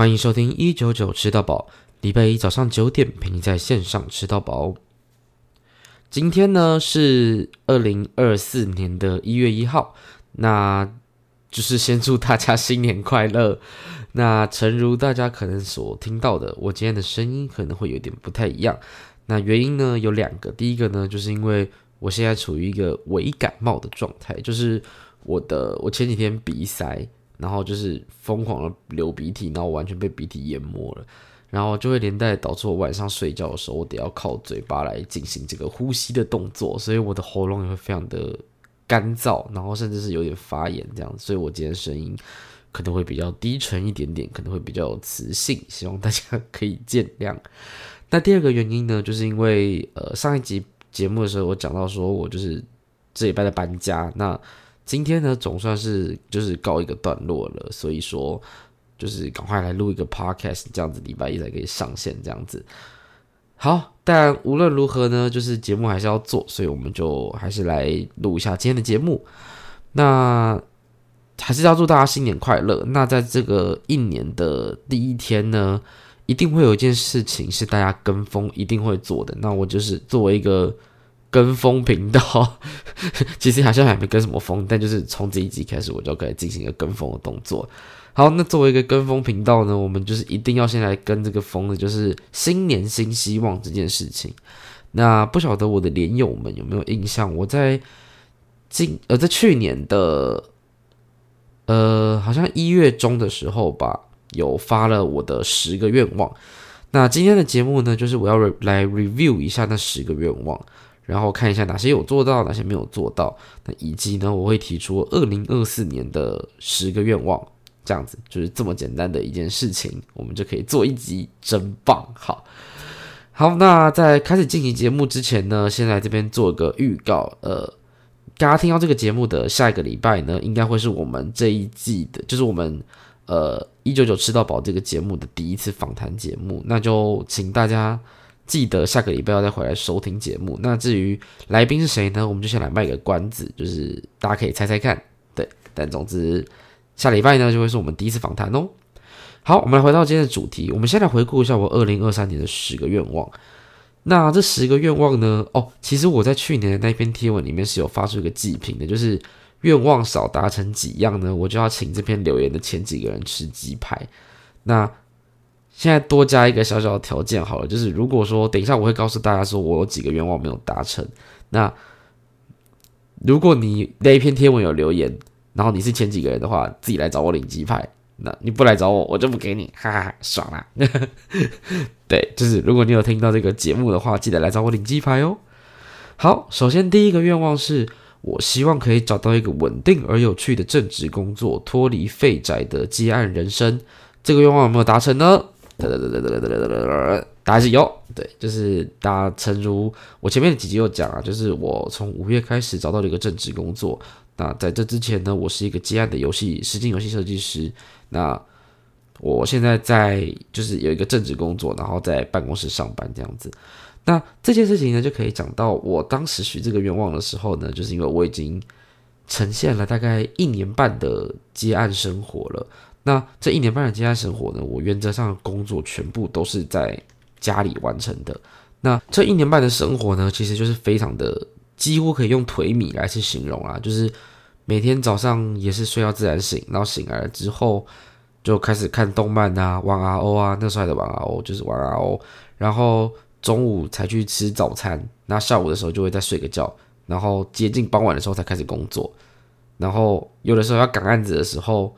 歡迎收聽一九九吃到堡，禮拜一早上九點陪你在線上吃到飽哦。今天呢是二零二四年的一月一號，那就是先祝大家新年快樂。那誠如大家可能所聽到的，我今天的聲音可能會有點不太一樣。那原因呢有兩個，第一個呢就是因為我現在處於一個微感冒的狀態，就是我的我前幾天鼻塞。然後就是瘋狂的流鼻涕，然後完全被鼻涕淹沒了，然後就會連帶導致我晚上睡覺的時候，我得要靠嘴巴來進行這個呼吸的動作，所以我的喉嚨也會非常的乾燥，然後甚至是有點發炎這樣，所以我今天聲音可能會比較低沉一點點，可能會比較有磁性，希望大家可以見諒。那第二個原因呢，就是因為呃上一集節目的時候，我講到說我就是這禮拜的搬家，那。今天呢，總算是就是告一個段落了，所以說就是趕快來錄一個 podcast，這樣子禮拜一才可以上線，這樣子。好，但無論如何呢，就是節目還是要做，所以我們就還是來錄一下今天的節目。那還是要祝大家新年快樂。那在這個一年的第一天呢，一定會有一件事情是大家跟風一定會做的。那我就是作為一個。跟風頻道，其實好像還沒跟什麼風，但就是從這一集開始，我就可以進行一個跟風的動作。好，那作為一個跟風頻道呢，我們就是一定要先來跟這個風的，就是新年新希望這件事情。那不曉得我的連友們有沒有印象？我在今呃在去年的呃好像一月中的時候吧，有發了我的十個願望。那今天的節目呢，就是我要 re 來 review 一下那十個願望。然後看一下哪些有做到，哪些沒有做到。那以及呢，我會提出二零二四年的十個願望，這樣子，就是這麼簡單的一件事情，我們就可以做一集，真棒！好好，那在開始進行節目之前呢，先來這邊做一個預告。呃，大家聽到這個節目的下一個禮拜呢，應該會是我們這一季的，就是我們呃199吃到堡這個節目的第一次訪談節目，那就請大家。記得下個禮拜要再回來收聽節目。那至於來賓是誰呢？我們就先來賣個關子，就是大家可以猜猜看。對，但總之下禮拜呢，就會是我們第一次訪談哦。好，我們來回到今天的主題。我們先來回顧一下我二零二三年的十個願望。那這十個願望呢？哦，其實我在去年的那篇貼文裡面是有發出一個祭品的，就是願望少達成幾樣呢，我就要請這篇留言的前幾個人吃雞排。那現在多加一個小小的條件好了，就是如果說等一下我會告訴大家說我有幾個願望沒有達成，那如果你那一篇貼文有留言，然後你是前幾個人的話，自己來找我領雞排。那你不來找我，我就不給你，哈哈，爽啦！ 對，就是如果你有聽到這個節目的話，記得來找我領雞排哦。好，首先第一個願望是我希望可以找到一個穩定而有趣的正職工作，脫離廢宅的接案人生。這個願望有沒有達成呢？噠噠噠噠噠噠噠噠噠，大是有對。就是大家誠如我前面的幾集有講啊，就是我從五月開始找到了一個正職工作。那在這之前呢，我是一個接案的遊戲、實境遊戲設計師。那我現在在就是有一個正職工作，然後在辦公室上班這樣子。那這件事情呢，就可以講到我當時許這個願望的時候呢，就是因為我已經呈現了大概一年半的接案生活了。那這一年半的居家生活呢，我原則上的工作全部都是在家裡完成的。那這一年半的生活呢，其實就是非常的幾乎可以用頹靡來去形容啊，就是每天早上也是睡到自然醒，然後醒來了之後就開始看動漫啊、玩 RO 啊，那時候還在玩 RO，就是玩 RO。然後中午才去吃早餐，那下午的時候就會再睡個覺，然後接近傍晚的時候才開始工作。然後有的時候要趕案子的時候。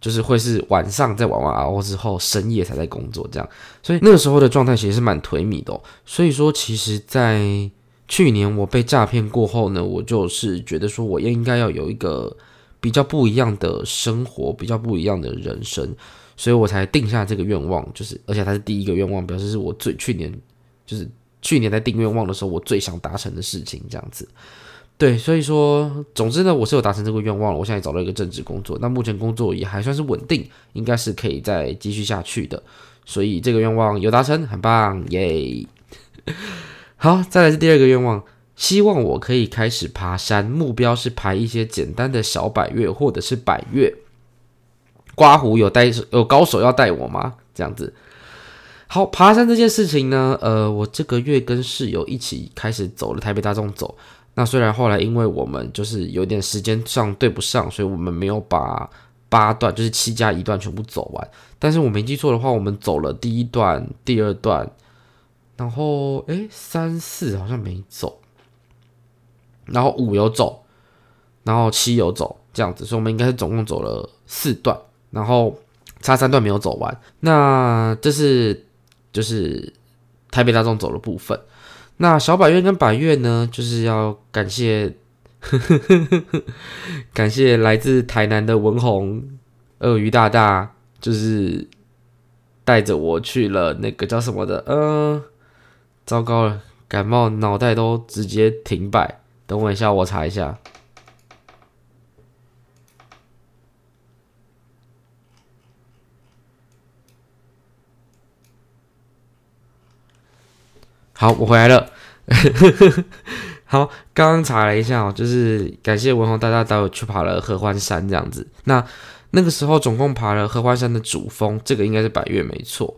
就是會是晚上在玩玩，然後之後，深夜才在工作這樣，所以那個時候的狀態其實是蠻頹靡的哦。所以說，其實在去年我被詐騙過後呢，我就是覺得說，我也應該要有一個比較不一樣的生活，比較不一樣的人生，所以我才定下這個願望。就是，而且它是第一個願望，表示是我最去年，就是去年在定願望的時候，我最想達成的事情這樣子。對，所以說，總之呢，我是有達成這個願望了。我現在找到一個正職工作，那目前工作也還算是穩定，應該是可以再繼續下去的。所以這個願望有達成，很棒耶！ 好，再來是第二個願望，希望我可以開始爬山，目標是爬一些簡單的小百岳或者是百岳。刮鬍有帶，有高手要帶我嗎？這樣子。好，爬山這件事情呢，呃，我這個月跟室友一起開始走了台北大縱走。那雖然後來因為我們就是有點時間上對不上，所以我們沒有把八段就是七加一段全部走完。但是我沒記錯的話，我們走了第一段、第二段，然後哎三四好像沒走，然後五有走，然後七有走，這樣子，所以我們應該是總共走了四段，然後差三段沒有走完。那這是就是台北大縱走的部分。那小百岳跟百岳呢，就是要感謝呵呵呵呵呵，感謝來自台南的文宏，鱷魚大大，就是帶着我去了那個叫什麼的，嗯，糟糕了，感冒腦袋都直接停擺，等我一下，我查一下。好，我回來了。 好，剛剛查了一下哦，就是感謝文宏，大家帶我去爬了合歡山這樣子。那那個時候總共爬了合歡山的主峰，這個應該是百岳沒錯。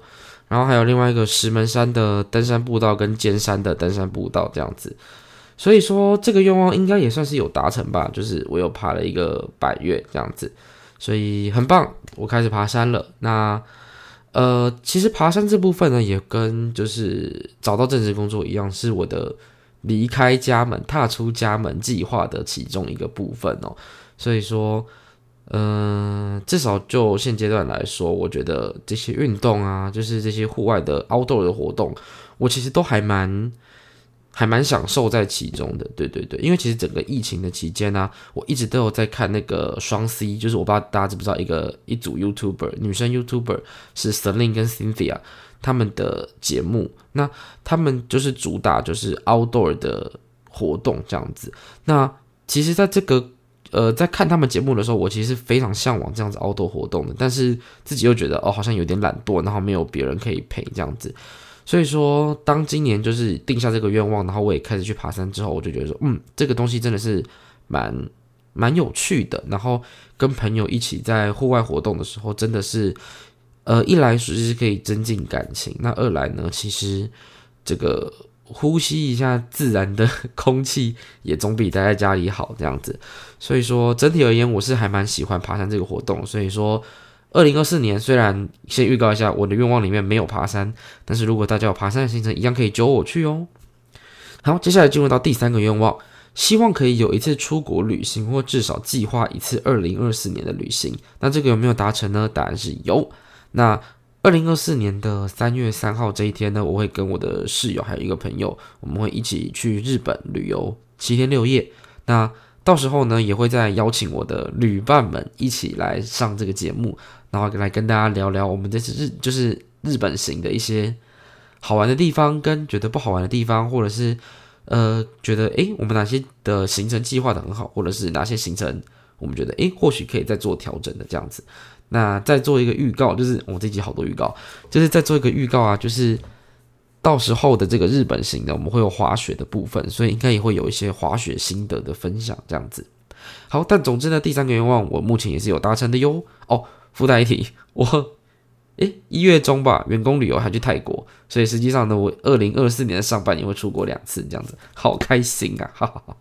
然後還有另外一個石門山的登山步道跟尖山的登山步道這樣子。所以說這個願望應該也算是有達成吧，就是我又爬了一個百岳，這樣子，所以很棒。我開始爬山了。那。呃，其實爬山這部分呢，也跟就是找到正職工作一樣，是我的離開家門、踏出家門計劃的其中一個部分哦。所以說，呃，至少就現階段來說，我覺得這些運動啊，就是這些戶外的 outdoor 的活動，我其實都還蠻。還蠻享受在其中的，對對對，因為其實整個疫情的期間呢，啊，我一直都有在看那個雙 C，就是我不知道大家知不知道一個一組 YouTuber，女生 YouTuber 是 Selina 跟 Cynthia 他們的節目，那他們就是主打就是 Outdoor 的活動這樣子，那其實在這個呃在看他們節目的時候，我其實是非常嚮往這樣子 Outdoor 活動的，但是自己又覺得哦好像有點懶惰，然後沒有別人可以陪這樣子。所以說，當今年就是定下這個願望，然後我也開始去爬山之後，我就覺得說，嗯，這個東西真的是蠻蠻有趣的。然後跟朋友一起在戶外活動的時候，真的是，呃，一來實際是可以增進感情，那二來呢，其實這個呼吸一下自然的空氣也總比待在家裡好這樣子。所以說，整體而言，我是還蠻喜歡爬山這個活動。所以說。二零二四年，雖然先預告一下，我的願望裡面沒有爬山，但是如果大家有爬山的行程，一樣可以揪我去哦。好，接下來進入到第三個願望，希望可以有一次出國旅行，或至少計劃一次二零二四年的旅行。那這個有沒有達成呢？答案是有。那二零二四年的三月三號這一天呢，我會跟我的室友還有一個朋友，我們會一起去日本旅遊七天六夜。那到時候呢，也會再邀請我的旅伴們一起來上這個節目。然後來跟大家聊聊我們這次日就是日本行的一些好玩的地方，跟覺得不好玩的地方，或者是呃覺得哎我們哪些的行程計劃的很好，或者是哪些行程我們覺得哎或許可以再做調整的這樣子。那再做一個預告，就是我這集好多預告，就是再做一個預告啊，就是到時候的這個日本行呢，我們會有滑雪的部分，所以應該也會有一些滑雪心得的分享這樣子。好，但總之呢，第三個願望我目前也是有達成的喲哦。附帶一題，我誒一月中吧，員工旅遊還去泰國，所以實際上呢，我二零二四年的上半年會出國兩次，這樣子，好開心啊好！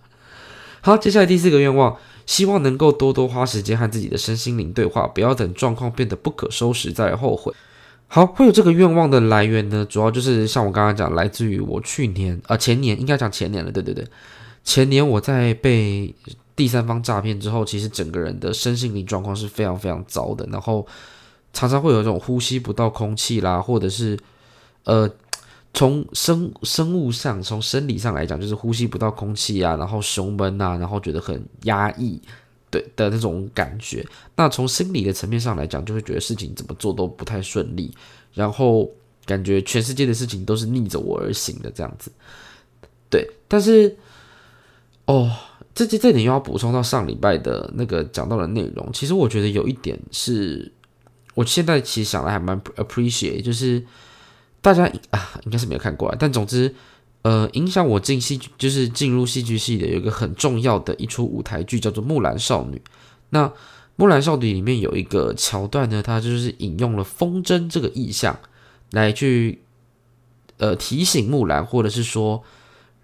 好，接下來第四個願望，希望能夠多多花時間和自己的身心靈對話，不要等狀況變得不可收拾再後悔。好，會有這個願望的來源呢，主要就是像我剛剛講，來自於我去年啊、呃、前年，應該講前年了，對對對，前年我在被。第三方詐騙之後，其實整個人的身心靈狀況是非常非常糟的。然後常常會有一種呼吸不到空氣啦，或者是呃，從生生物上、從生理上來講，就是呼吸不到空氣啊，然後胸悶啊，然後覺得很壓抑，對的那種感覺。那從心理的層面上來講，就會覺得事情怎麼做都不太順利，然後感覺全世界的事情都是逆着我而行的這樣子。對，但是，哦。這這這點又要補充到上禮拜的那個講到的內容。其實我覺得有一點是，我現在其實想來還蠻 appreciate，就是大家啊，應該是沒有看過來，但總之，呃，影響我進戲就是進入戲劇系的有一個很重要的一出舞台劇叫做《木蘭少女》。那《木蘭少女》裡面有一個橋段呢，它就是引用了風箏這個意象來去呃提醒木蘭，或者是說。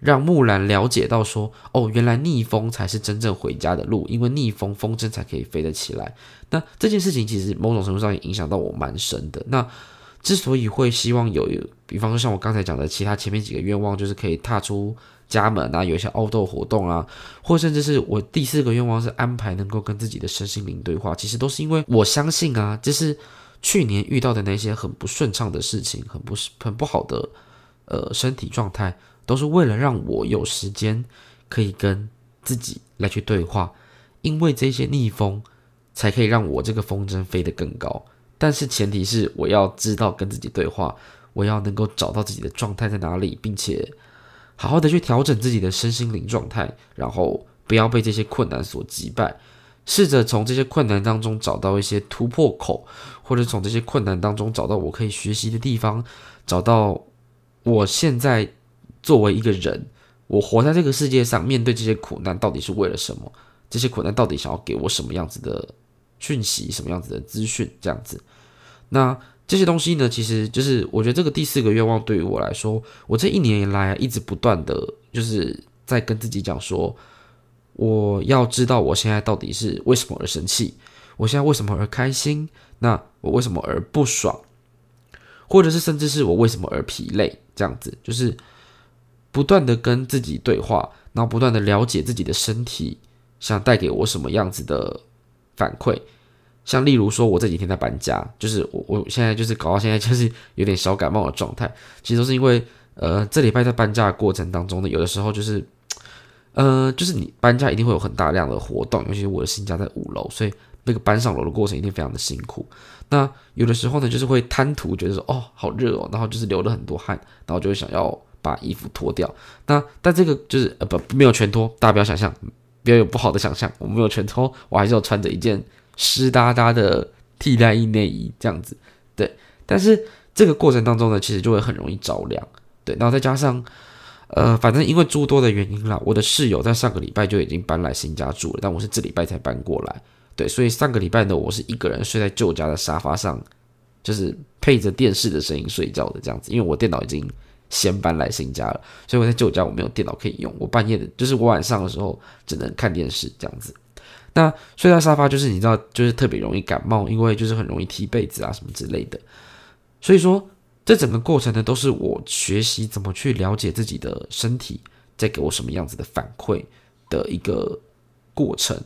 讓木蘭了解到說，哦，原來逆風才是真正回家的路，因為逆風風箏才可以飛得起來。那這件事情其實某種程度上也影響到我蠻深的。那之所以會希望有，比方說像我剛才講的，其他前面幾個願望，就是可以踏出家門啊，有一些 outdoor 活動啊，或甚至是我第四個願望是安排能夠跟自己的身心靈對話，其實都是因為我相信啊，就是去年遇到的那些很不順暢的事情，很不是很不好的，呃，身體狀態。都是為了讓我有時間可以跟自己來去對話，因為這些逆風才可以讓我這個風箏飛得更高。但是前提是我要知道跟自己對話，我要能夠找到自己的狀態在哪裡，並且好好的去調整自己的身心靈狀態，然後不要被這些困難所擊敗。試着從這些困難當中找到一些突破口，或者從這些困難當中找到我可以學習的地方，找到我現在。作為一個人，我活在這個世界上，面對這些苦難，到底是為了什麼？這些苦難到底想要給我什麼樣子的訊息，什麼樣子的資訊？這樣子，那這些東西呢？其實就是，我覺得這個第四個願望對於我來說，我這一年以來一直不斷的就是在跟自己講說，我要知道我現在到底是為什麼而生氣，我現在為什麼而開心？那我為什麼而不爽？或者是甚至是我為什麼而疲累？這樣子，就是。不斷的跟自己對話，然後不斷的了解自己的身體，想帶給我什麼樣子的反饋。像例如說，我這幾天在搬家，就是我我現在就是搞到現在就是有點小感冒的狀態。其實都是因為，呃，這禮拜在搬家的過程當中呢，有的時候就是，呃，就是你搬家一定會有很大量的活動，尤其是我的新家在五樓，所以那個搬上樓的過程一定非常的辛苦。那有的時候呢，就是會貪圖覺得說，哦，好熱哦，然後就是流了很多汗，然後就會想要。把衣服脫掉，那但這個就是呃不沒有全脫，大家不要想象不要有不好的想象我沒有全脫，我還是要穿着一件濕噠噠的替代役內衣這樣子。對，但是這個過程當中呢，其實就會很容易着涼，對，然後再加上，呃，反正因為諸多的原因啦，我的室友，在上個禮拜就已經搬來新家住了，但我是這禮拜才搬過來，對，所以上個禮拜呢，我是一個人睡在舊家的沙發上，就是配着電視的聲音睡覺的這樣子，因為我電腦已經。先搬來新家了，所以我在舊家我沒有電腦可以用，我半夜的就是我晚上的時候只能看電視這樣子。那睡在沙發就是你知道，就是特別容易感冒，因為就是很容易踢被子啊什麼之類的。所以說，這整個過程呢，都是我學習怎麼去了解自己的身體在給我什麼樣子的反饋的一個過程。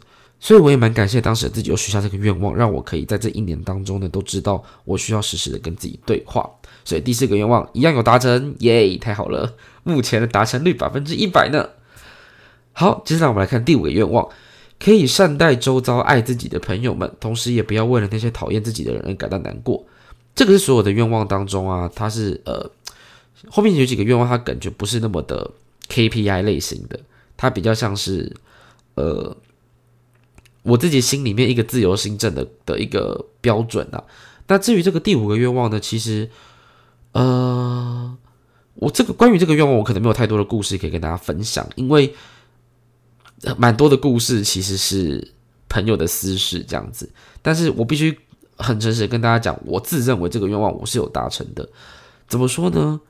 所以我也蠻感謝當時自己有許下這個願望，讓我可以在這一年當中呢，都知道我需要實時的跟自己對話。所以第四個願望一樣有達成，耶，太好了！目前的達成率百分之一百呢。好，接下來我們來看第五個願望，可以善待周遭愛自己的朋友們，同時也不要為了那些討厭自己的人而感到難過。這個是所有的願望當中啊，它是呃後面有幾個願望，它感覺不是那麼的 KPI 類型的，它比較像是呃。我自己心裡面一個自由心證的的一個標準啊。那至於這個第五個願望呢，其實，呃，我這個關於這個願望，我可能沒有太多的故事可以跟大家分享，因為蠻、呃、多的故事其實是朋友的私事這樣子。但是我必須很誠實的跟大家講，我自認為這個願望我是有達成的。怎麼說呢？嗯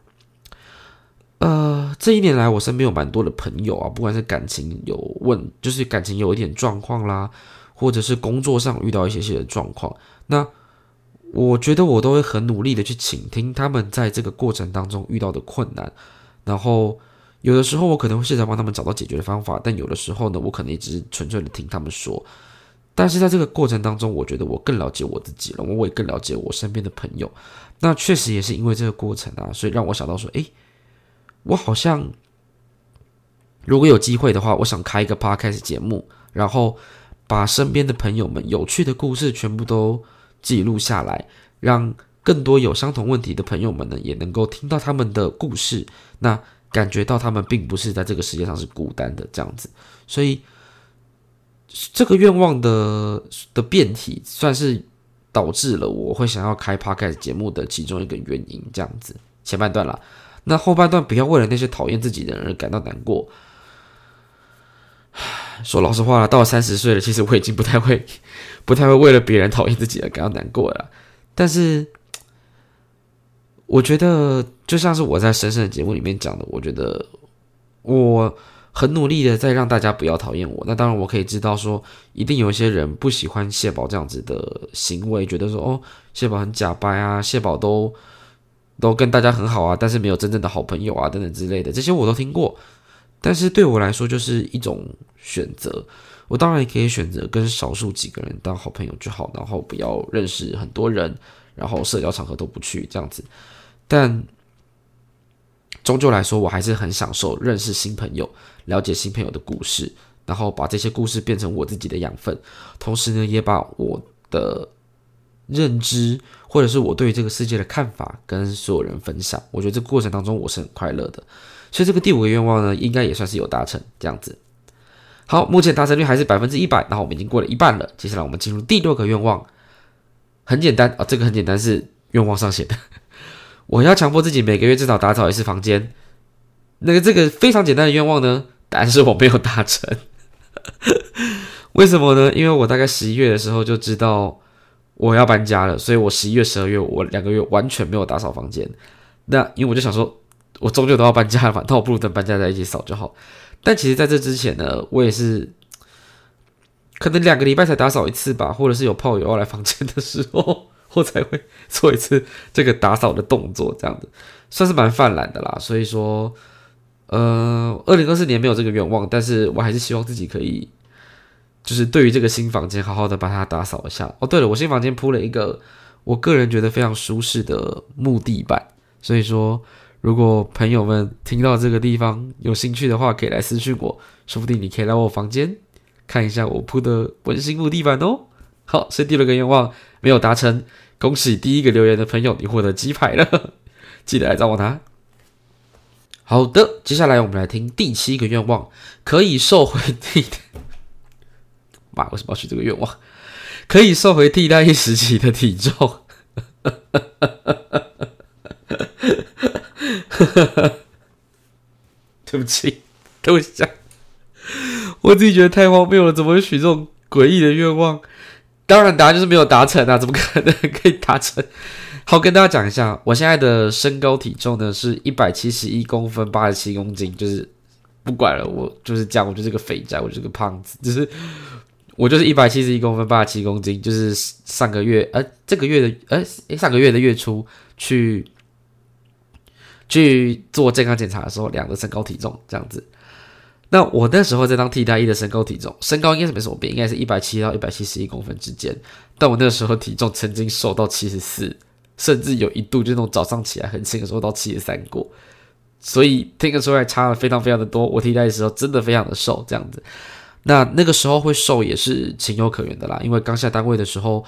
呃，這一年來，我身邊有蠻多的朋友啊，不管是感情有問，就是感情有一點狀況啦，或者是工作上遇到一些些的狀況，那我覺得我都會很努力的去傾聽他們在這個過程當中遇到的困難，然後有的時候我可能會試着幫他們找到解決的方法，但有的時候呢，我可能只是純粹的聽他們說。但是在這個過程當中，我覺得我更了解我自己了，我也更了解我身邊的朋友。那確實也是因為這個過程啊，所以讓我想到說，誒。我好像，如果有機會的話，我想開一個 Podcast 節目，然後把身邊的朋友們有趣的故事全部都記錄下來，讓更多有相同問題的朋友們呢，也能夠聽到他們的故事，那感覺到他們並不是在這個世界上是孤單的這樣子。所以，這個願望的的變體，算是導致了我會想要開 Podcast 節目的其中一個原因。這樣子，前半段啦。那後半段不要為了那些討厭自己的人而感到難過。說老實話了，到三十歲了，其實我已經不太會，不太會為了別人討厭自己而感到難過了。但是，我覺得就像是我在深深的節目裡面講的，我覺得我很努力的在讓大家不要討厭我。那當然，我可以知道說，一定有一些人不喜歡謝寶這樣子的行為，覺得說，哦，謝寶很假掰啊，謝寶都。都跟大家很好啊，但是沒有真正的好朋友啊，等等之類的，這些我都聽過。但是對我來說，就是一種選擇。我當然也可以選擇跟少數幾個人當好朋友就好，然後不要認識很多人，然後社交場合都不去這樣子。但終究來說，我還是很享受認識新朋友，了解新朋友的故事，然後把這些故事變成我自己的養分。同時呢，也把我的。認知或者是我對於這個世界的看法，跟所有人分享，我覺得這個過程當中我是很快樂的。所以這個第五個願望呢，應該也算是有達成這樣子。好，目前達成率還是百分之一百，然後我們已經過了一半了。接下來我們進入第六個願望，很簡單啊、哦，這個很簡單，是願望上寫的， 我要強迫自己每個月至少打掃一次房間。那個這個非常簡單的願望呢，但是我沒有達成， 為什麼呢？因為我大概十一月的時候就知道。我要搬家了，所以我十一月、十二月，我兩個月完全沒有打掃房間。那因為我就想說，我終究都要搬家了嘛，那我不如等搬家再一起掃就好。但其實在這之前呢，我也是可能兩個禮拜才打掃一次吧，或者是有炮友要來房間的時候，我才會做一次這個打掃的動作，這樣子算是蠻犯懶的啦。所以說，呃，二零二四年沒有這個願望，但是我還是希望自己可以，就是對於這個新房間，好好的把它打掃一下。哦，對了，我新房間鋪了一個我個人覺得非常舒適的木地板，所以說如果朋友們聽到這個地方有興趣的話，可以來私訊我，說不定你可以來我房間看一下我鋪的溫馨木地板哦。好，是第六個願望沒有達成，恭喜第一個留言的朋友，你獲得雞排了， 記得來找我拿。好的，接下來我們來聽第七個願望，可以受回你的。 媽為什麼要許這個願望？可以瘦回替代役時期的體重。 對不起，投下、啊。我自己覺得太荒謬了，怎麼會許這種詭異的願望？當然答案就是沒有達成啊，怎麼可能可以達成？好，跟大家講一下，我現在的身高體重呢是一百七十一公分，八十七公斤。就是不管了，我就是這樣，我就是個肥宅，我就是個胖子，就是。我就是一百七十一公分，八十七公斤，就是上個月呃，這個月的，呃，誒上個月的月初去去做健康檢查的時候，量的身高體重這樣子。那我那時候在當替代役的身高體重，身高應該是沒什麼變，應該是一百七到一百七十一公分之間。但我那時候體重曾經瘦到七十四，甚至有一度就那種早上起來很輕的時候到七十三過，所以聽得出來差了非常非常的多。我替代的時候真的非常的瘦，這樣子。那那個時候會瘦也是情有可原的啦，因為剛下單位的時候，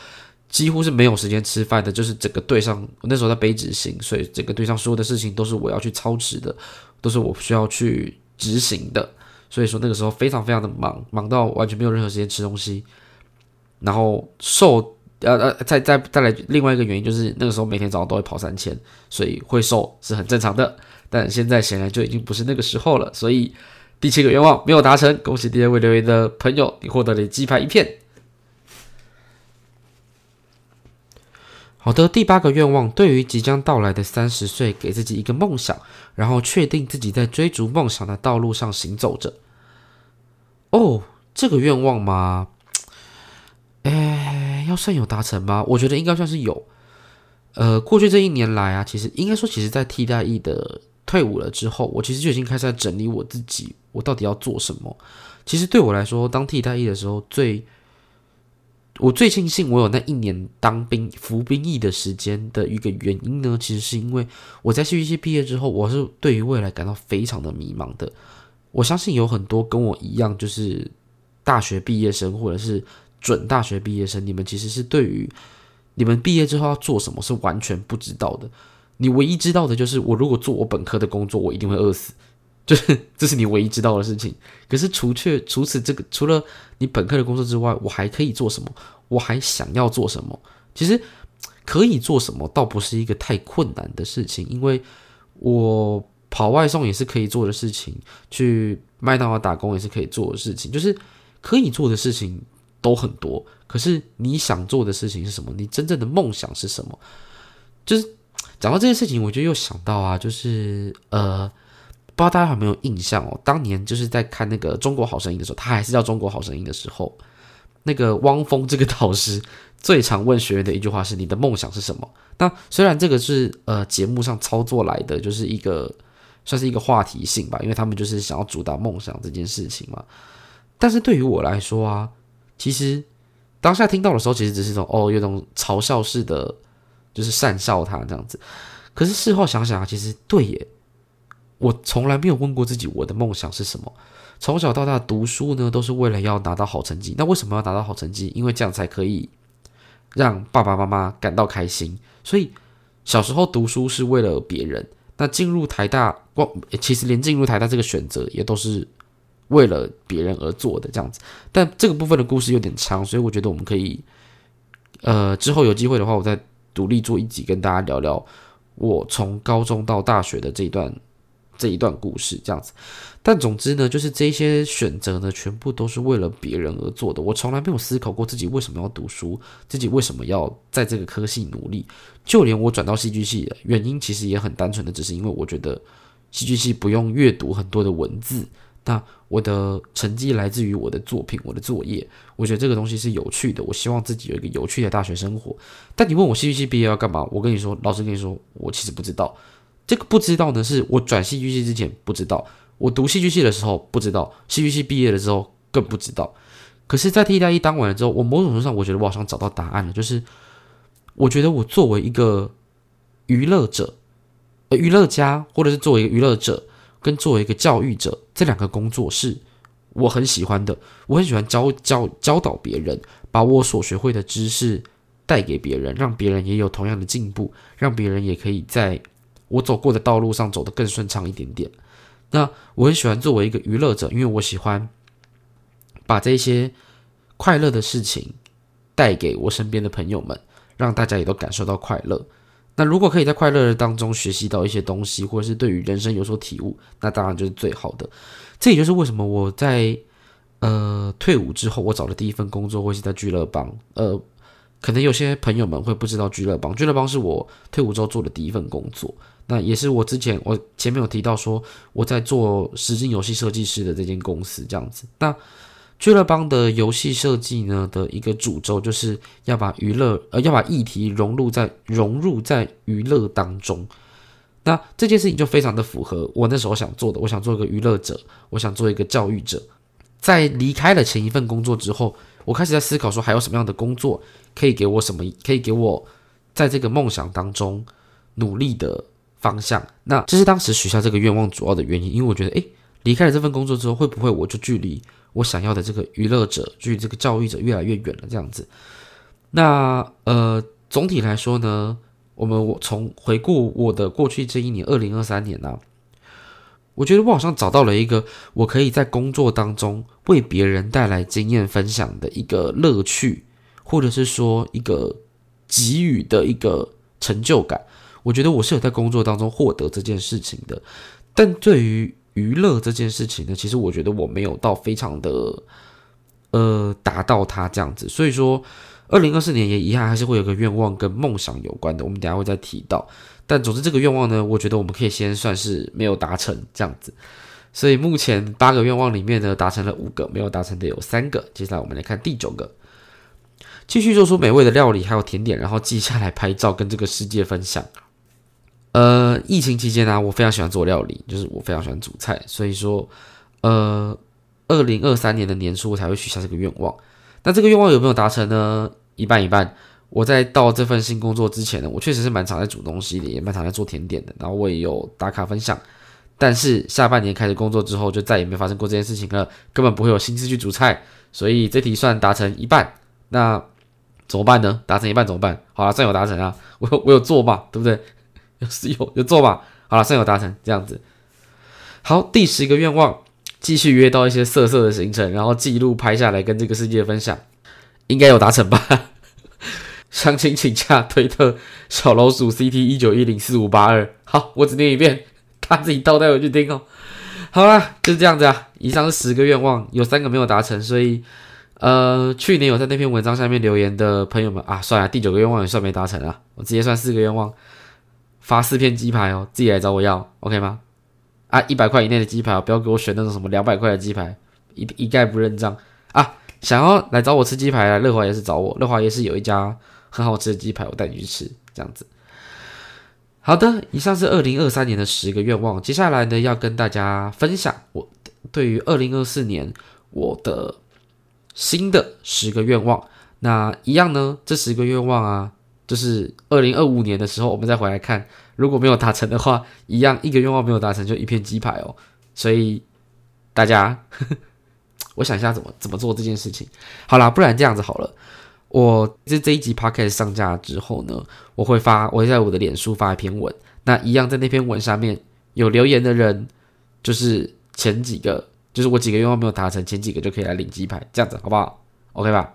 幾乎是沒有時間吃飯的，就是整個隊上我那時候在背執行，所以整個隊上所有的事情都是我要去操持的，都是我需要去執行的，所以說那個時候非常非常的忙，忙到完全沒有任何時間吃東西，然後瘦呃呃，再再再來另外一個原因就是那個時候每天早上都會跑三千，所以會瘦是很正常的，但現在顯然就已經不是那個時候了，所以。第七個願望沒有達成，恭喜第二位留言的朋友，你獲得了雞排一片。好的，第八個願望，對於即將到來的三十歲，給自己一個夢想，然後確定自己在追逐夢想的道路上行走着。哦，這個願望嗎？哎、欸，要算有達成嗎？我覺得應該算是有。呃，過去這一年來啊，其實應該說，其實，在替代役的退伍了之後，我其實就已經開始在整理我自己。我到底要做什麼？其實對我來說，當替代役的時候，最我最慶幸我有那一年當兵服兵役的時間的一個原因呢，其實是因為我在戲劇系畢業之後，我是對於未來感到非常的迷茫的。我相信有很多跟我一樣，就是大學畢業生或者是準大學畢業生，你們其實是對於你們畢業之後要做什麼是完全不知道的。你唯一知道的就是，我如果做我本科的工作，我一定會餓死。就是這是你唯一知道的事情。可是除卻除此這個，除了你本科的工作之外，我還可以做什麼？我還想要做什麼？其實可以做什麼，倒不是一個太困難的事情，因為我跑外送也是可以做的事情，去麥當勞打工也是可以做的事情，就是可以做的事情都很多。可是你想做的事情是什麼？你真正的夢想是什麼？就是講到這件事情，我就又想到啊，就是呃。不知道大家有沒有印象哦？當年就是在看那個《中國好聲音》的時候，他還是叫《中國好聲音》的時候，那個汪峰這個導師最常問學員的一句話是：“你的夢想是什麼？”那雖然這個是呃節目上操作來的，就是一個算是一個話題性吧，因為他們就是想要主打夢想這件事情嘛。但是對於我來說啊，其實當下聽到的時候，其實只是種哦，有種嘲笑式的，就是訕笑他這樣子。可是事後想想啊，其實對耶。我從來沒有問過自己我的夢想是什麼。從小到大讀書呢，都是為了要拿到好成績。那為什麼要拿到好成績？因為這樣才可以讓爸爸媽媽感到開心。所以小時候讀書是為了別人。那進入台大，光其實連進入台大這個選擇也都是為了別人而做的這樣子。但這個部分的故事有點長，所以我覺得我們可以，呃，之後有機會的話，我再獨立做一集，跟大家聊聊我從高中到大學的這一段。這一段故事這樣子，但總之呢，就是這些選擇呢，全部都是為了別人而做的。我從來沒有思考過自己為什麼要讀書，自己為什麼要在這個科系努力。就連我轉到戲劇系的原因，其實也很單純的，只是因為我覺得戲劇系不用閱讀很多的文字，那我的成績來自於我的作品、我的作業。我覺得這個東西是有趣的，我希望自己有一個有趣的大學生活。但你問我戲劇系畢業要幹嘛？我跟你說，老實跟你說，我其實不知道。這個不知道呢，是我轉戲劇系之前不知道，我讀戲劇系的時候不知道，戲劇系畢業了之後更不知道。可是，在替代役當完之後，我某種程度上我覺得我好像找到答案了，就是我覺得我作為一個娛樂者、呃、娛樂家，或者是作為一個娛樂者跟作為一個教育者，這兩個工作是我很喜歡的。我很喜歡教教教導別人，把我所學會的知識帶給別人，讓別人也有同樣的進步，讓別人也可以在。我走過的道路上走得更順暢一點點。那我很喜歡作為一個娛樂者，因為我喜歡把這些快樂的事情帶給我身邊的朋友們，讓大家也都感受到快樂。那如果可以在快樂當中學習到一些東西，或者是對於人生有所體悟，那當然就是最好的。這也就是為什麼我在呃退伍之後，我找的第一份工作會是在俱樂邦，呃，可能有些朋友們會不知道俱樂邦，俱樂邦是我退伍之後做的第一份工作。那也是我之前我前面有提到說，我在做實境遊戲設計師的這間公司這樣子。那聚樂邦的遊戲設計呢的一個主軸就是要把娛樂呃，要把議題融入在融入在娛樂當中。那這件事情就非常的符合我那時候想做的。我想做一個娛樂者，我想做一個教育者。在離開了前一份工作之後，我開始在思考說，還有什麼樣的工作可以給我什麼可以給我在這個夢想當中努力的方向，那這是當時許下這個願望主要的原因，因為我覺得，誒，離開了這份工作之後，會不會我就距離我想要的這個娛樂者，距離這個教育者越來越遠了？這樣子。那呃，總體來說呢，我們我從回顧我的過去這一年，二零二三年呢，啊，我覺得我好像找到了一個，我可以在工作當中為別人帶來經驗分享的一個樂趣，或者是說一個給予的一個成就感。我覺得我是有在工作當中獲得這件事情的，但對於娛樂這件事情呢，其實我覺得我沒有到非常的呃達到它這樣子。所以說，二零二四年也一樣還是會有個願望跟夢想有關的，我們等下會再提到。但總之這個願望呢，我覺得我們可以先算是沒有達成這樣子。所以目前八個願望裡面呢，達成了五個，沒有達成的有三個。接下來我們來看第九個，繼續做出美味的料理還有甜點，然後記下來拍照跟這個世界分享。呃，疫情期間呢、啊，我非常喜歡做料理，就是我非常喜歡煮菜，所以說，呃，二零二三年的年初我才會許下這個願望。那這個願望有沒有達成呢？一半一半。我在到這份新工作之前呢，我確實是蠻常在煮東西的，也蠻常在做甜點的，然後我也有打卡分享。但是下半年開始工作之後，就再也沒發生過這件事情了，根本不會有心思去煮菜，所以這題算達成一半。那怎麼辦呢？達成一半怎麼辦？好了，算有達成啊，我我有做嘛，對不對？是 有，有做吧，好了，算有達成這樣子。好，第十個願望，繼續約到一些色色的行程，然後記錄拍下來跟這個世界分享，應該有達成吧？ 詳情請洽推特小老鼠 CT 一九一零四五八二。好，我只念一遍，他自己倒帶回去聽哦、喔。好了，就這樣子啊。以上是十個願望，有三個沒有達成，所以呃，去年有在那篇文章下面留言的朋友們啊，算了，第九個願望也算沒達成啊，我直接算四個願望。發四片雞排哦，自己來找我要，OK 嗎？啊，一百塊以內的雞排、哦，不要給我選那種什麼兩百塊的雞排，一一概不認賬啊！想要來找我吃雞排，來樂華也是找我，樂華也是有一家很好吃的雞排，我帶你去吃，這樣子。好的，以上是二零二三年的十個願望，接下來呢，要跟大家分享我對於二零二四年我的新的十個願望。那一樣呢？這十個願望啊。就是二零二五年的時候，我們再回來看。如果沒有達成的話，一樣一個願望沒有達成就一片雞排哦。所以大家， 我想一下怎麼怎麼做這件事情。好啦，不然這樣子好了。我這這一集 Podcast 上架之後呢，我會發，我會在我的臉書發一篇文。那一樣在那篇文上面有留言的人，就是前幾個，就是我幾個願望沒有達成，前幾個就可以來領雞排，這樣子好不好？OK 吧。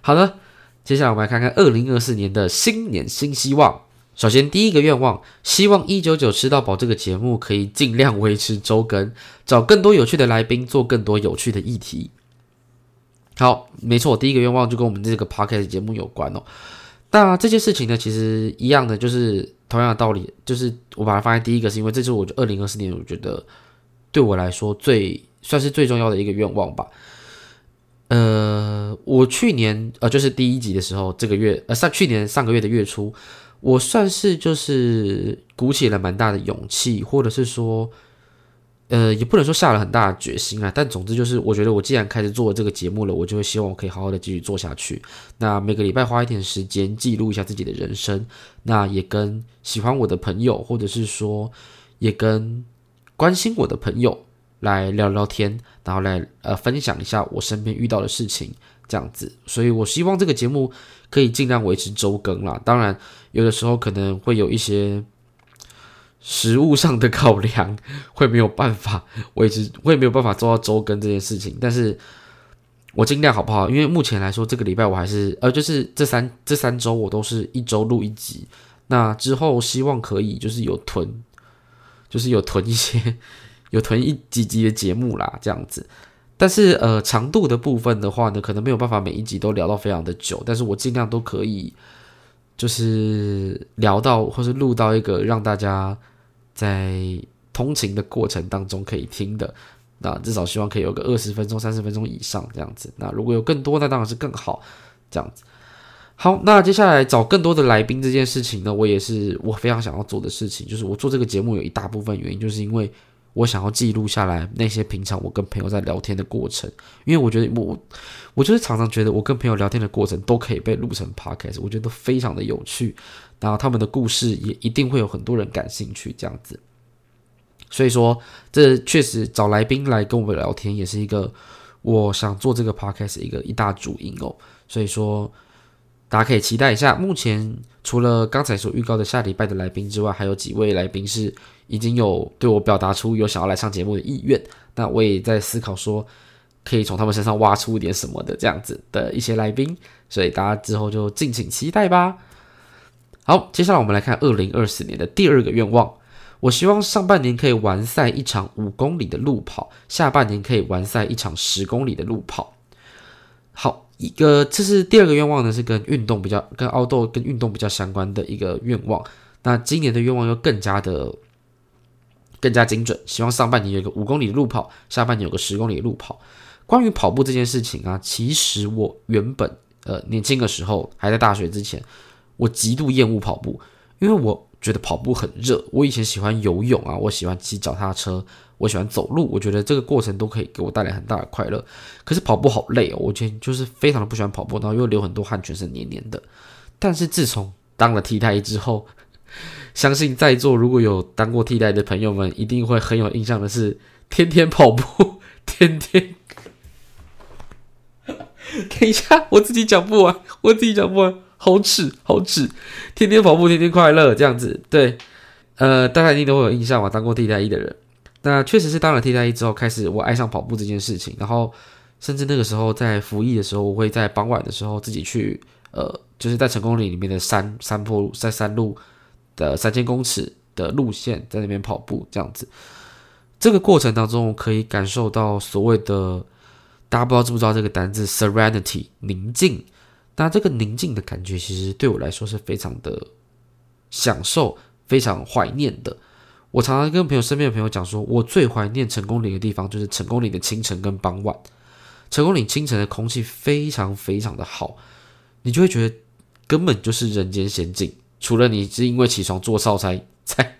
好的。接下來我們來看看二零二四年的新年新希望。首先，第一個願望，希望《199吃到堡》這個節目可以盡量維持週更，找更多有趣的來賓，做更多有趣的議題。好，沒錯，我第一個願望就跟我們這個 podcast 節目有關哦。那這些事情呢，其實一樣的，就是同樣的道理，就是我把它放在第一個，是因為這是我二零二四年，我覺得對我來說最算是最重要的一個願望吧。呃，我去年呃，就是第一集的時候，這個月呃，上去年上個月的月初，我算是就是鼓起了蠻大的勇氣，或者是說，呃，也不能說下了很大的決心啊。但總之就是，我覺得我既然開始做這個節目了，我就會希望我可以好好的繼續做下去。那每個禮拜花一點時間記錄一下自己的人生，那也跟喜歡我的朋友，或者是說，也跟關心我的朋友。來聊聊天，然後來呃分享一下我身邊遇到的事情，這樣子。所以我希望這個節目可以盡量維持周更啦。當然，有的時候可能會有一些實務上的考量，會沒有辦法維持，會沒有辦法做到周更這件事情。但是我盡量好不好？因為目前來說，這個禮拜我還是呃，就是這三這三周我都是一周錄一集。那之後希望可以就是有囤，就是有囤一些。有囤一幾集，集的節目啦，這樣子，但是呃，長度的部分的話呢，可能沒有辦法每一集都聊到非常的久，但是我盡量都可以，就是聊到或是錄到一個讓大家在通勤的過程當中可以聽的，那至少希望可以有個二十分鐘、三十分鐘以上這樣子。那如果有更多，那當然是更好，這樣子。好，那接下來找更多的來賓這件事情呢，我也是我非常想要做的事情，就是我做這個節目有一大部分原因，就是因為。我想要記錄下來那些平常我跟朋友在聊天的過程，因為我覺得我我就是常常覺得我跟朋友聊天的過程都可以被錄成 podcast，我覺得都非常的有趣，然後他們的故事也一定會有很多人感興趣這樣子。所以說，這確實找來賓來跟我們聊天也是一個我想做這個 podcast 一個一大主因哦。所以說。大家可以期待一下，目前除了剛才所預告的下禮拜的來賓之外，還有幾位來賓是已經有對我表達出有想要來上節目的意願，那我也在思考說，可以從他們身上挖出一點什麼的這樣子的一些來賓，所以大家之後就敬請期待吧。好，接下來我們來看二零二四年的第二個願望，我希望上半年可以完賽一場五公里的路跑，下半年可以完賽一場十公里的路跑。好。一個，這是第二個願望呢，是跟運動比較，跟 outdoor 跟運動比較相關的一個願望。那今年的願望又更加的更加精準，希望上半年有一個五公里的路跑，下半年有個十公里的路跑。關於跑步這件事情啊，其實我原本呃年輕的時候還在大學之前，我極度厭惡跑步，因為我覺得跑步很熱。我以前喜歡游泳啊，我喜歡騎腳踏車。我喜歡走路，我覺得這個過程都可以給我帶來很大的快樂。可是跑步好累，哦，我今天就是非常的不喜歡跑步，然後又流很多汗，全身黏黏的。但是自從當了替代役之後，相信在座如果有當過替代的朋友們，一定會很有印象的是，天天跑步，天天。等一下，我自己講不完，我自己講不完，好扯好扯，天天跑步，天天快樂，這樣子，對，呃，大家一定都會有印象嘛，當過替代役的人。那確實是當了替代役之後，開始我愛上跑步這件事情。然後，甚至那個時候在服役的時候，我會在傍晚的時候自己去，呃，就是在成功嶺裡，裡面的山山坡，在山路的三千公尺的路線，在那邊跑步這樣子。這個過程當中，我可以感受到所謂的大家不知，道知不知道這個單字 “serenity” 寧靜。那這個寧靜的感覺，其實對我來說是非常的享受，非常懷念的。我常常跟朋友身邊的朋友講說，我最懷念成功嶺的地方就是成功嶺的清晨跟傍晚。成功嶺清晨的空氣非常非常的好，你就會覺得根本就是人間仙境。除了你是因為起床做操才、才才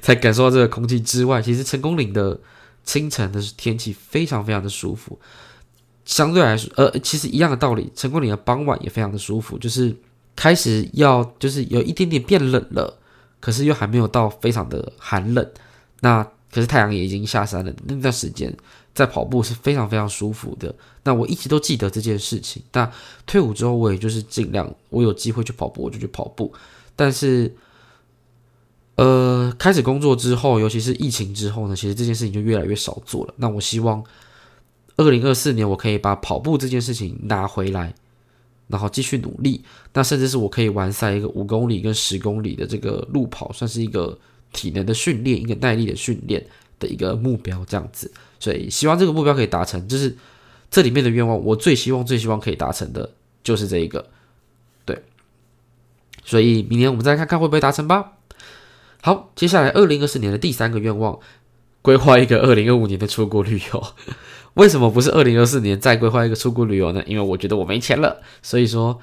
才感受到這個空氣之外，其實成功嶺的清晨的天氣非常非常的舒服。相對來說，呃，其實一樣的道理，成功嶺的傍晚也非常的舒服，就是開始要就是有一點點變冷了。可是又還沒有到非常的寒冷，那可是太陽也已經下山了。那段時間在跑步是非常非常舒服的。那我一直都記得這件事情。那退伍之後，我也就是儘量，我有機會去跑步我就去跑步。但是，呃，開始工作之後，尤其是疫情之後呢，其實這件事情就越來越少做了。那我希望，二零二四年我可以把跑步這件事情拿回來。然後繼續努力，那甚至是我可以完賽一個五公里跟十公里的這個路跑，算是一個體能的訓練，一個耐力的訓練的一個目標這樣子。所以希望這個目標可以達成，就是這裡面的願望，我最希望最希望可以達成的就是這一個。對，所以明年我們再看看會不會達成吧。好，接下來二零二四年的第三個願望，規劃一個二零二五年的出國旅遊。 為什麼不是二零二四年再規劃一個出國旅遊呢？因為我覺得我沒錢了，所以說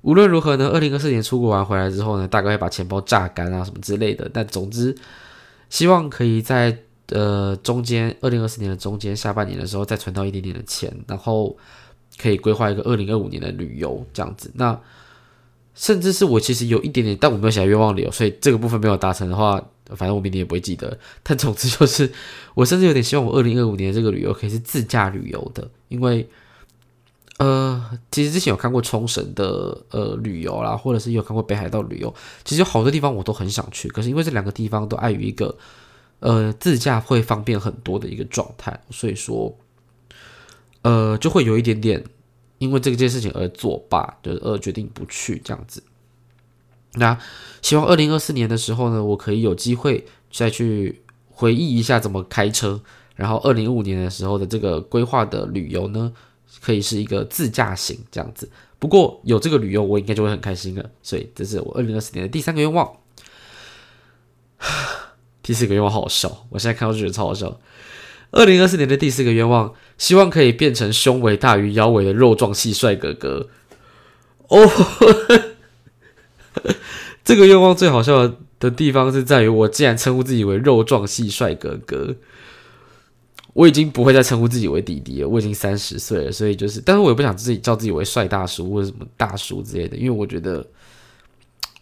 無論如何呢，二零二四年出國玩回來之後呢，大概會把錢包榨乾啊什麼之類的。但總之，希望可以在呃中間二零二四年的中間下半年的時候再存到一點點的錢，然後可以規劃一個二零二五年的旅遊這樣子。那甚至是我其實有一點點，但我沒有想要願望旅遊，所以這個部分沒有達成的話。反正我明年也不會記得，但總之就是，我甚至有點希望我二零二五年這個旅遊可以是自駕旅遊的，因為呃，其實之前有看過沖繩的呃旅遊啦，或者是有看過北海道旅遊，其實有好多地方我都很想去，可是因為這兩個地方都礙於一個呃自駕會方便很多的一個狀態，所以說呃就會有一點點因為這個件事情而作罷，就是呃決定不去這樣子。那希望二零二四年的時候呢，我可以有機會再去回憶一下怎麼開車。然後二零二五年的時候的這個規劃的旅遊呢，可以是一個自駕行這樣子。不過有這個旅遊，我應該就會很開心了。所以這是我二零二四年的第三個願望。第四個願望好笑，我現在看到就覺得超好笑。二零二四年的第四個願望，希望可以變成胸圍大於腰圍的肉壯系帥哥哥。哦、oh。 這個願望最好笑的地方是在於，我竟然稱呼自己為肉壯系帥哥哥。我已經不會再稱呼自己為弟弟了，我已經三十歲了，所以就是，但是我也不想自己叫自己為帥大叔或者什麼大叔之類的，因為我覺得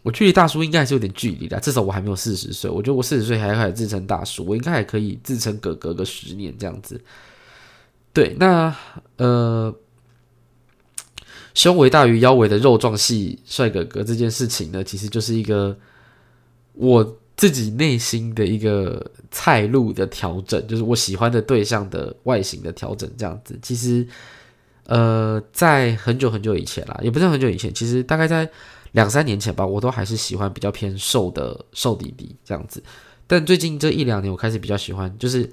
我距離大叔應該還是有點距離的。至少我還沒有四十歲，我覺得我四十歲還可以自稱大叔，我應該還可以自稱哥哥個十年這樣子。對，那呃。胸圍大於腰圍的肉壯系帥哥哥這件事情呢，其實就是一個我自己內心的一個菜路的調整，就是我喜歡的對象的外形的調整。這樣子，其實呃，在很久很久以前啦，也不是很久以前，其實大概在兩三年前吧，我都還是喜歡比較偏瘦的瘦弟弟這樣子。但最近這一兩年，我開始比較喜歡，就是。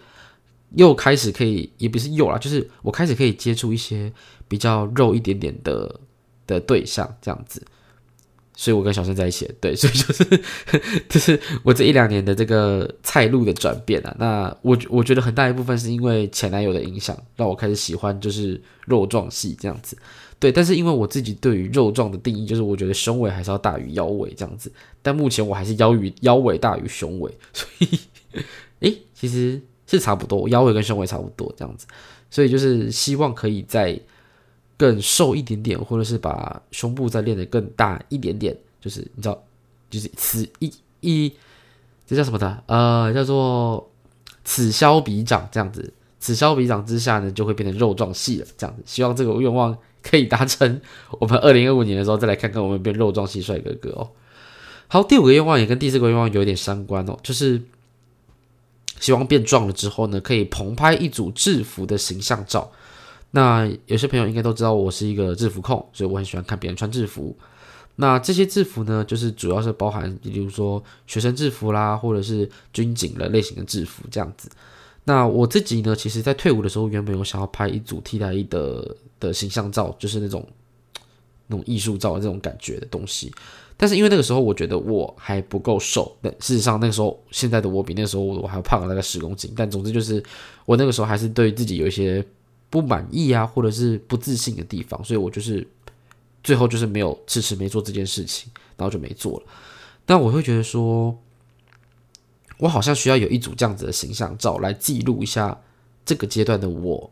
又開始可以，也不是又啦，就是我開始可以接觸一些比較肉一點點的的對象，這樣子。所以，我跟小生在一起，對，所以就是呵呵就是我這一兩年的這個菜路的轉變啊。那我我覺得很大一部分是因為前男友的影響，讓我開始喜歡就是肉壯系這樣子。對，但是因為我自己對於肉壯的定義，就是我覺得胸圍還是要大於腰圍這樣子。但目前我還是腰於腰圍大於胸圍，所以哎、欸，其實。是差不多，腰圍跟胸圍差不多這樣子，所以就是希望可以再更瘦一點點，或者是把胸部再練得更大一點點，就是你知道，就是此一一這叫什麼的？呃，叫做此消彼長這樣子，此消彼長之下呢，就會變成肉壯系了這樣子。希望這個願望可以達成。我們二零二五年的時候再來看看我們變成肉壯系帥哥哥哦。好，第五個願望也跟第四個願望有點相關哦，就是。希望變壯了之後呢，可以棚拍一組制服的形象照。那有些朋友應該都知道，我是一個制服控，所以我很喜歡看別人穿制服。那這些制服呢，就是主要是包含，比如說學生制服啦，或者是軍警的類型的制服這樣子。那我自己呢，其實在退伍的時候，原本有想要拍一組替代役的的形象照，就是那種那種藝術照這種感覺的東西。但是因為那個時候我覺得我還不夠瘦，但事實上那個時候現在的我比那個時候我還要胖了大概十公斤。但總之就是我那個時候還是對自己有一些不滿意啊，或者是不自信的地方，所以我就是最後就是沒有遲遲沒做這件事情，然後就沒做了。但我會覺得說我好像需要有一組這樣子的形象照來記錄一下這個階段的我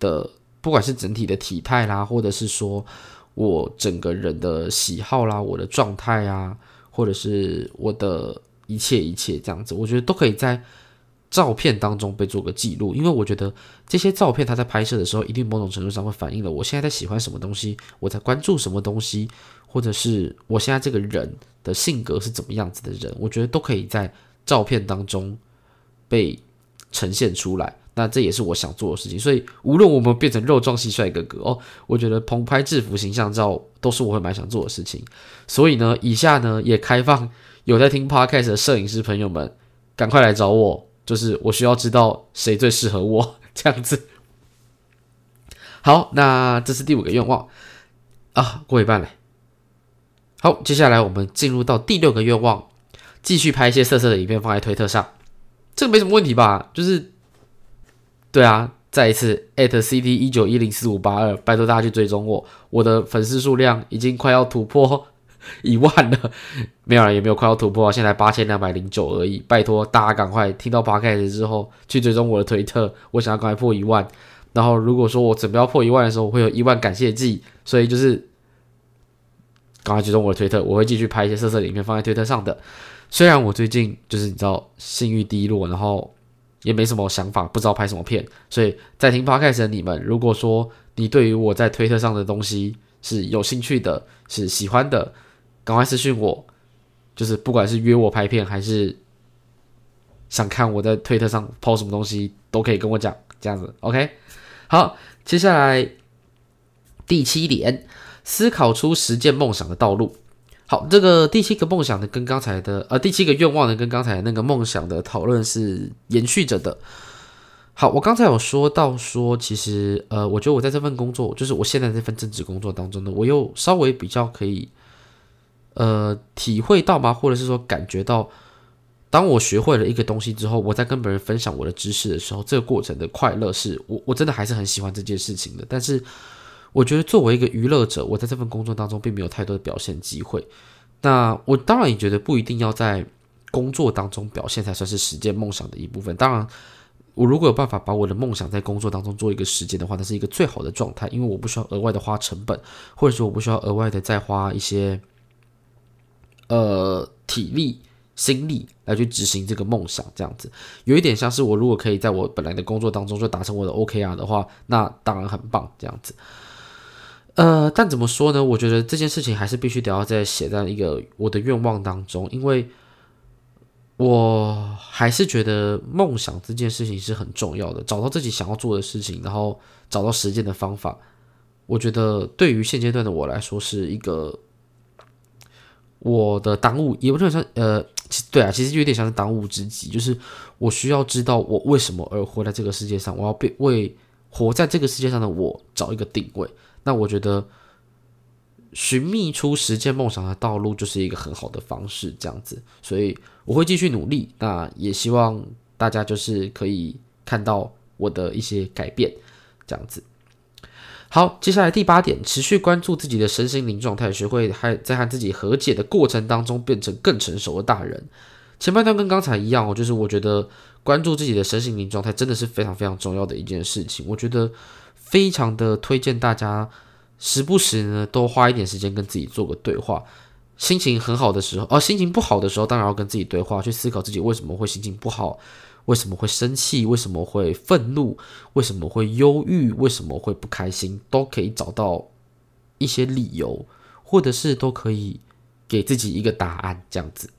的，不管是整體的體態啦，或者是說，我整個人的喜好啦、啊，我的狀態啊，或者是我的一切一切這樣子，我覺得都可以在照片當中被做個記錄，因為我覺得這些照片它在拍攝的時候，一定某種程度上會反映了我現在在喜歡什麼東西，我在關注什麼東西，或者是我現在這個人的性格是怎麼樣子的人，我覺得都可以在照片當中被呈現出來。那這也是我想做的事情，所以無論我們變成肉壯系帥哥哥哦，我覺得棚拍制服形象照都是我會蠻想做的事情。所以呢，以下呢也開放有在聽 Podcast 的攝影師朋友們，趕快來找我，就是我需要知道誰最適合我這樣子。好，那這是第五個願望啊，過一半了。好，接下來我們進入到第六個願望，繼續拍一些色色的影片放在推特上，這個沒什麼問題吧？就是。對啊，再一次 at ct 一九一零四五八二，拜托大家去追蹤我，我的粉絲數量已經快要突破一萬了，沒有啦也沒有快要突破，現在八千兩百零九而已。拜托大家趕快聽到 podcast 之後去追蹤我的推特，我想要趕快破一萬。然後如果說我準備要破一萬的時候，我會有一萬感謝祭，所以就是趕快追蹤我的推特，我會繼續拍一些色色的影片放在推特上的。雖然我最近就是你知道信譽低落，然後。也沒什麼想法，不知道拍什麼片，所以在聽 Podcast 的你們，如果說你對於我在推特上的東西是有興趣的，是喜歡的，趕快私訊我，就是不管是約我拍片，還是想看我在推特上 po 什麼東西，都可以跟我講，這樣子 OK。好，接下來第七點，思考出實踐夢想的道路。好，這個第七個夢想呢，跟剛才的呃第七個願望呢，跟剛才那個夢想的討論是延續着的。好，我剛才有說到說，其實呃，我覺得我在這份工作，就是我現在這份正職工作當中呢，我又稍微比較可以呃體會到嘛，或者是說感覺到，當我學會了一個東西之後，我在跟別人分享我的知識的時候，這個過程的快樂是，是我我真的還是很喜歡這件事情的，但是。我覺得作為一個娛樂者，我在這份工作當中並沒有太多的表現機會。那我當然也覺得不一定要在工作當中表現才算是實踐夢想的一部分。當然，我如果有辦法把我的夢想在工作當中做一個實踐的話，那是一個最好的狀態，因為我不需要額外的花成本，或者說我不需要額外的再花一些呃體力、心力來去執行這個夢想。這樣子有一點像是我如果可以在我本來的工作當中就達成我的 OKR 的話，那當然很棒。這樣子。呃，但怎麼說呢？我覺得這件事情還是必須得要再寫在一個我的願望當中，因為我還是覺得夢想這件事情是很重要的。找到自己想要做的事情，然後找到實踐的方法，我覺得對於現階段的我來說是一個我的當務，也不是很像，呃其，對啊，其實就有點像是當務之急，就是我需要知道我為什麼而活在這個世界上，我要被為活在這個世界上的我找一個定位。那我覺得尋覓出實現夢想的道路就是一個很好的方式，這樣子，所以我會繼續努力。那也希望大家就是可以看到我的一些改變，這樣子。好，接下來第八點，持續關注自己的身心靈狀態，學會還在和自己和解的過程當中，變成更成熟的大人。前半段跟剛才一樣，哦，就是我覺得關注自己的身心靈狀態真的是非常非常重要的一件事情，我覺得。非常的推薦大家，時不時呢，多花一點時間跟自己做個對話。心情很好的時候，哦、啊，心情不好的時候，當然要跟自己對話，去思考自己為什麼會心情不好，為什麼會生氣，為什麼會憤怒，為什麼會憂鬱，為什麼會不開心，都可以找到一些理由，或者是都可以給自己一個答案，這樣子。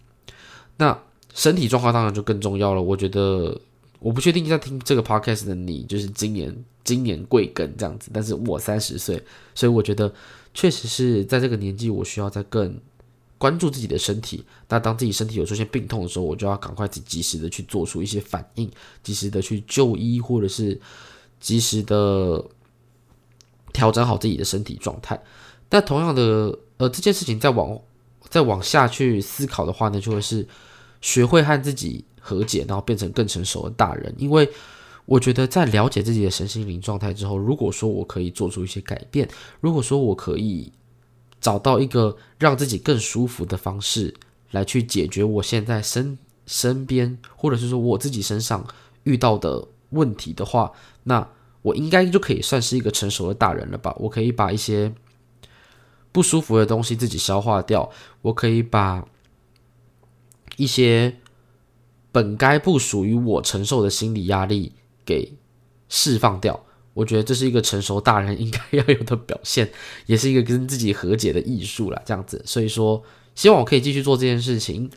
那身體狀況當然就更重要了，我覺得。我不確定在聽這個 podcast 的你就是今年今年貴庚這樣子，但是我三十歲，所以我覺得確實是在這個年紀，我需要再更關注自己的身體。那當自己身體有出現病痛的時候，我就要趕快及時的去做出一些反應，及時的去就醫，或者是及時的調整好自己的身體狀態。但同樣的，呃，這件事情再往再往下去思考的話呢，就會是學會和自己。和解，然後變成更成熟的大人。因為我覺得，在了解自己的身心靈狀態之後，如果說我可以做出一些改變，如果說我可以找到一個讓自己更舒服的方式來去解決我現在身身邊或者是說我自己身上遇到的問題的話，那我應該就可以算是一個成熟的大人了吧？我可以把一些不舒服的東西自己消化掉，我可以把一些。本該不屬於我承受的心理壓力給釋放掉，我覺得這是一個成熟大人應該要有的表現，也是一個跟自己和解的藝術啦。這樣子，所以說希望我可以繼續做這件事情。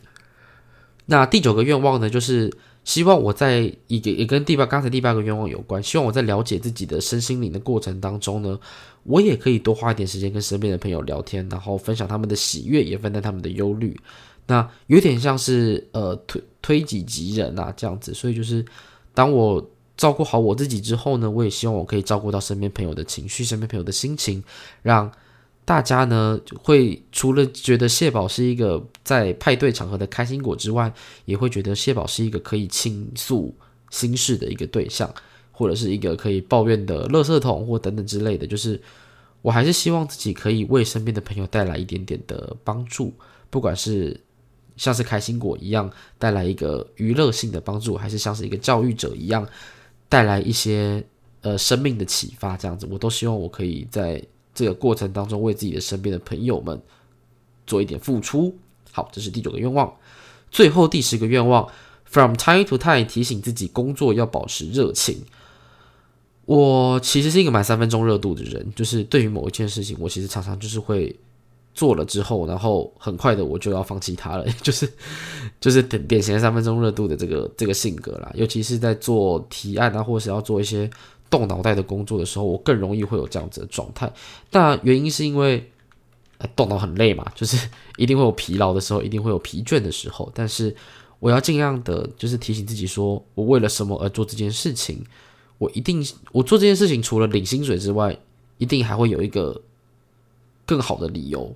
那第九個願望呢，就是希望我在一個也跟第八剛才第八個願望有關，希望我在了解自己的身心靈的過程當中呢，我也可以多花一點時間跟身邊的朋友聊天，然後分享他們的喜悅，也分擔他們的憂慮。那有點像是呃，推己及,及人啊，這樣子，所以就是當我照顧好我自己之後呢，我也希望我可以照顧到身邊朋友的情緒、身邊朋友的心情，讓大家呢會除了覺得蟹堡是一個在派對場合的開心果之外，也會覺得蟹堡是一個可以傾訴心事的一個對象，或者是一個可以抱怨的垃圾桶或等等之類的。就是我還是希望自己可以為身邊的朋友帶來一點點的幫助，不管是。像是開心果一樣帶來一個娛樂性的幫助，還是像是一個教育者一樣帶來一些呃生命的啟發，這樣子，我都希望我可以在這個過程當中為自己的身邊的朋友們做一點付出。好，這是第九個願望。最後第十個願望，from time to time 提醒自己工作要保持熱情。我其實是一個滿三分鐘熱度的人，就是對於某一件事情，我其實常常就是會。做了之後，然後很快的我就要放棄它了，就是就是典型三分鐘熱度的這個這個性格啦。尤其是在做提案啊，或是要做一些動腦袋的工作的時候，我更容易會有這樣子的狀態。那原因是因為動腦很累嘛，就是一定會有疲勞的時候，一定會有疲倦的時候。但是我要盡量的，就是提醒自己說，說我為了什麼而做這件事情？我一定我做這件事情，除了領薪水之外，一定還會有一個。更好的理由，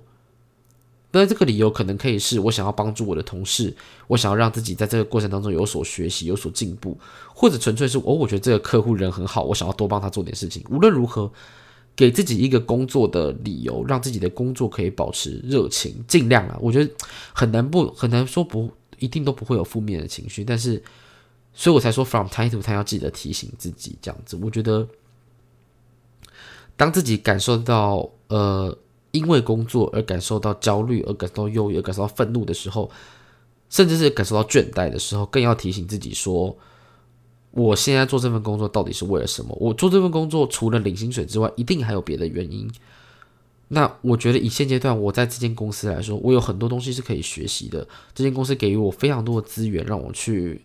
那這個理由可能可以是我想要幫助我的同事，我想要讓自己在這個過程當中有所學習、有所進步，或者純粹是我、哦、我覺得這個客戶人很好，我想要多幫他做點事情。無論如何，給自己一個工作的理由，讓自己的工作可以保持熱情。盡量啊，我覺得很難，不，很難說不一定都不會有負面的情緒，但是，所以我才說 from time to time 要記得提醒自己這樣子。我覺得，當自己感受到呃。因為工作而感受到焦慮，而感受到憂鬱，而感受到憤怒的時候，甚至是感受到倦怠的時候，更要提醒自己說：我現在做這份工作到底是為了什麼？我做這份工作除了領薪水之外，一定還有別的原因。那我覺得以現階段我在這間公司來說，我有很多東西是可以學習的。這間公司給予我非常多的資源，讓我去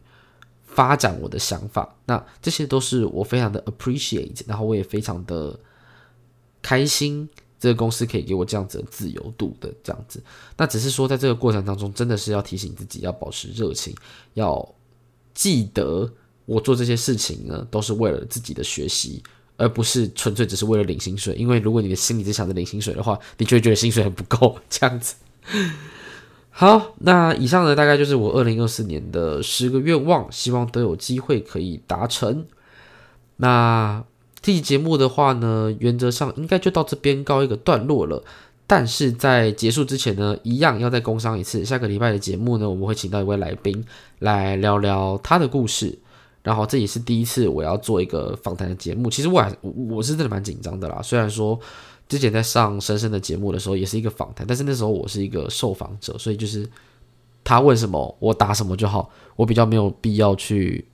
發展我的想法。那這些都是我非常的 appreciate，然後我也非常的開心。這個公司可以給我這樣子的自由度的這樣子，那只是說，在這個過程當中，真的是要提醒自己要保持熱情，要記得我做這些事情呢，都是為了自己的學習，而不是純粹只是為了領薪水。因為如果你的心裡只想着領薪水的話，你就會覺得薪水很不夠這樣子。好，那以上呢，大概就是我二零二四年的十個願望，希望都有機會可以達成。那。這集節目的話呢，原則上應該就到這邊告一個段落了。但是在結束之前呢，一樣要再工商一次。下個禮拜的節目呢，我們會請到一位來賓來聊聊他的故事。然後這也是第一次我要做一個訪談的節目，其實我還我是真的蠻緊張的啦。雖然說之前在上深深的節目的時候也是一個訪談，但是那時候我是一個受訪者，所以就是他問什麼我答什麼就好，我比較沒有必要去。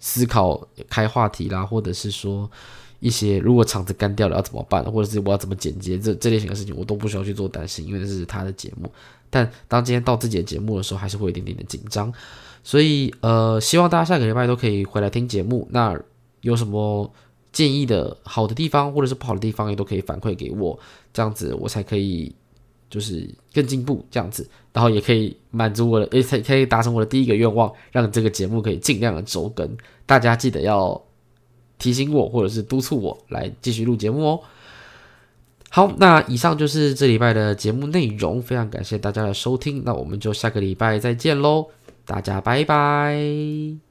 思考開話題啦，或者是說一些如果場子乾掉了要怎麼辦，或者是我要怎麼剪接這這類型的事情，我都不需要去做擔心，因為這是他的節目。但當今天到自己的節目的時候，還是會有一點點的緊張。所以呃，希望大家下個禮拜都可以回來聽節目。那有什麼建議的好的地方或者是不好的地方，也都可以反饋給我，這樣子我才可以，就是更進步這樣子，然後也可以滿足我的，也可以達成我的第一個願望，讓這個節目可以盡量的周更。大家記得要提醒我，或者是督促我來繼續錄節目哦。好，那以上就是這禮拜的節目內容，非常感謝大家的收聽，那我們就下個禮拜再見嘍，大家拜拜。